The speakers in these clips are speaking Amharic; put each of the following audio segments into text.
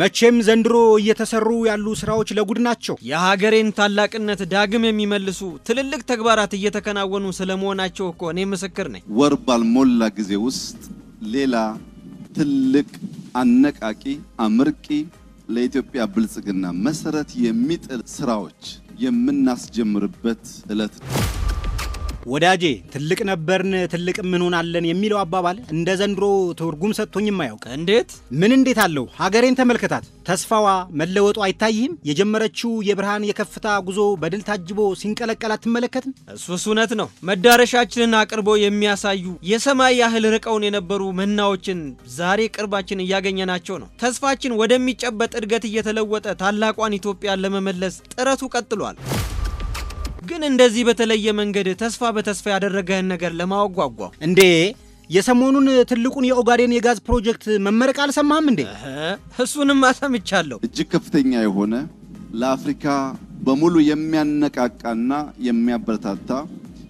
መቼም ዘንድሮ እየተሰሩ ያሉ ስራዎች ለጉድ ናቸው። የሀገሬን ታላቅነት ዳግም የሚመልሱ ትልልቅ ተግባራት እየተከናወኑ ስለመሆናቸው እኮ እኔ ምስክር ነኝ። ወር ባልሞላ ጊዜ ውስጥ ሌላ ትልቅ አነቃቂ፣ አምርቂ ለኢትዮጵያ ብልጽግና መሰረት የሚጥል ስራዎች የምናስጀምርበት እለት ነው። ወዳጄ ትልቅ ነበርን ትልቅ ሆናለን የሚለው አባባል እንደ ዘንድሮ ትርጉም ሰጥቶኝም አያውቅ። እንዴት ምን እንዴት አለው? ሀገሬን ተመልከታት። ተስፋዋ መለወጡ አይታይህም? የጀመረችው የብርሃን የከፍታ ጉዞ በድል ታጅቦ ሲንቀለቀል አትመለከትም? እሱስ እውነት ነው። መዳረሻችንን አቅርቦ የሚያሳዩ የሰማይ ያህል ርቀውን የነበሩ መናዎችን ዛሬ ቅርባችን እያገኘናቸው ነው። ተስፋችን ወደሚጨበጥ እድገት እየተለወጠ ታላቋን ኢትዮጵያን ለመመለስ ጥረቱ ቀጥሏል። ግን እንደዚህ በተለየ መንገድ ተስፋ በተስፋ ያደረገህን ነገር ለማወቅ ጓጓሁ። እንዴ የሰሞኑን ትልቁን የኦጋዴን የጋዝ ፕሮጀክት መመረቅ አልሰማህም እንዴ? እሱንም አሰምቻለሁ። እጅግ ከፍተኛ የሆነ ለአፍሪካ በሙሉ የሚያነቃቃና የሚያበረታታ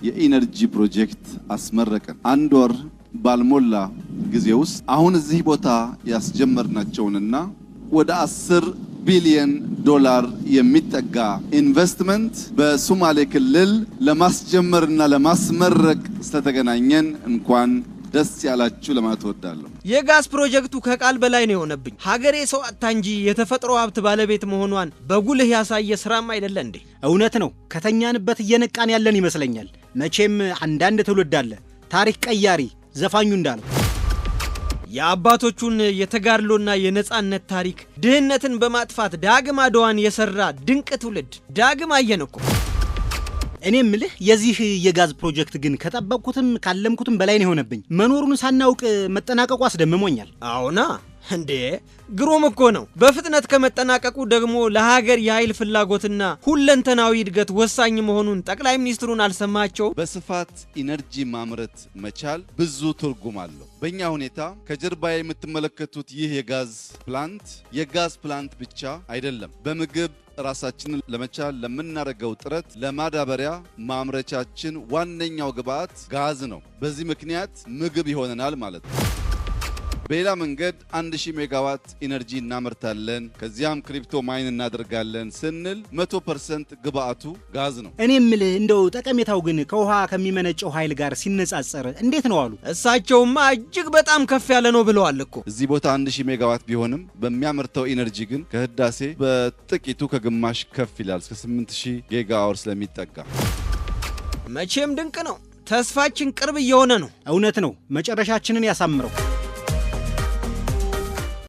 የኢነርጂ ፕሮጀክት አስመረቅን። አንድ ወር ባልሞላ ጊዜ ውስጥ አሁን እዚህ ቦታ ያስጀመርናቸውንና ወደ አስር ቢሊየን ዶላር የሚጠጋ ኢንቨስትመንት በሶማሌ ክልል ለማስጀመርና ለማስመረቅ ስለተገናኘን እንኳን ደስ ያላችሁ ለማለት እወዳለሁ። የጋዝ ፕሮጀክቱ ከቃል በላይ ነው የሆነብኝ። ሀገሬ ሰው አታ እንጂ የተፈጥሮ ሀብት ባለቤት መሆኗን በጉልህ ያሳየ ስራም አይደለ እንዴ? እውነት ነው። ከተኛንበት እየነቃን ያለን ይመስለኛል። መቼም አንዳንድ ትውልድ አለ ታሪክ ቀያሪ ዘፋኙ እንዳለው የአባቶቹን የተጋድሎና የነፃነት ታሪክ ድህነትን በማጥፋት ዳግም አድዋን የሰራ ድንቅ ትውልድ ዳግም አየን እኮ። እኔ ምልህ የዚህ የጋዝ ፕሮጀክት ግን ከጠበቅኩትም ካለምኩትም በላይ ነው የሆነብኝ። መኖሩን ሳናውቅ መጠናቀቁ አስደምሞኛል። አዎና እንዴ ግሩም እኮ ነው። በፍጥነት ከመጠናቀቁ ደግሞ ለሀገር የኃይል ፍላጎትና ሁለንተናዊ እድገት ወሳኝ መሆኑን ጠቅላይ ሚኒስትሩን አልሰማቸው። በስፋት ኢነርጂ ማምረት መቻል ብዙ ትርጉም አለው። በእኛ ሁኔታ ከጀርባ የምትመለከቱት ይህ የጋዝ ፕላንት የጋዝ ፕላንት ብቻ አይደለም። በምግብ ራሳችንን ለመቻል ለምናደርገው ጥረት ለማዳበሪያ ማምረቻችን ዋነኛው ግብዓት ጋዝ ነው። በዚህ ምክንያት ምግብ ይሆነናል ማለት ነው። በሌላ መንገድ 1000 ሜጋዋት ኢነርጂ እናመርታለን፣ ከዚያም ክሪፕቶ ማይን እናደርጋለን ስንል 100% ግብአቱ ጋዝ ነው። እኔ የምልህ እንደው ጠቀሜታው ግን ከውሃ ከሚመነጨው ኃይል ጋር ሲነጻጸር እንዴት ነው አሉ። እሳቸውማ እጅግ በጣም ከፍ ያለ ነው ብለዋል እኮ። እዚህ ቦታ 1000 ሜጋዋት ቢሆንም በሚያመርተው ኢነርጂ ግን ከህዳሴ በጥቂቱ ከግማሽ ከፍ ይላል እስከ 8000 ጌጋ አወር ስለሚጠጋ መቼም ድንቅ ነው። ተስፋችን ቅርብ እየሆነ ነው። እውነት ነው። መጨረሻችንን ያሳምረው።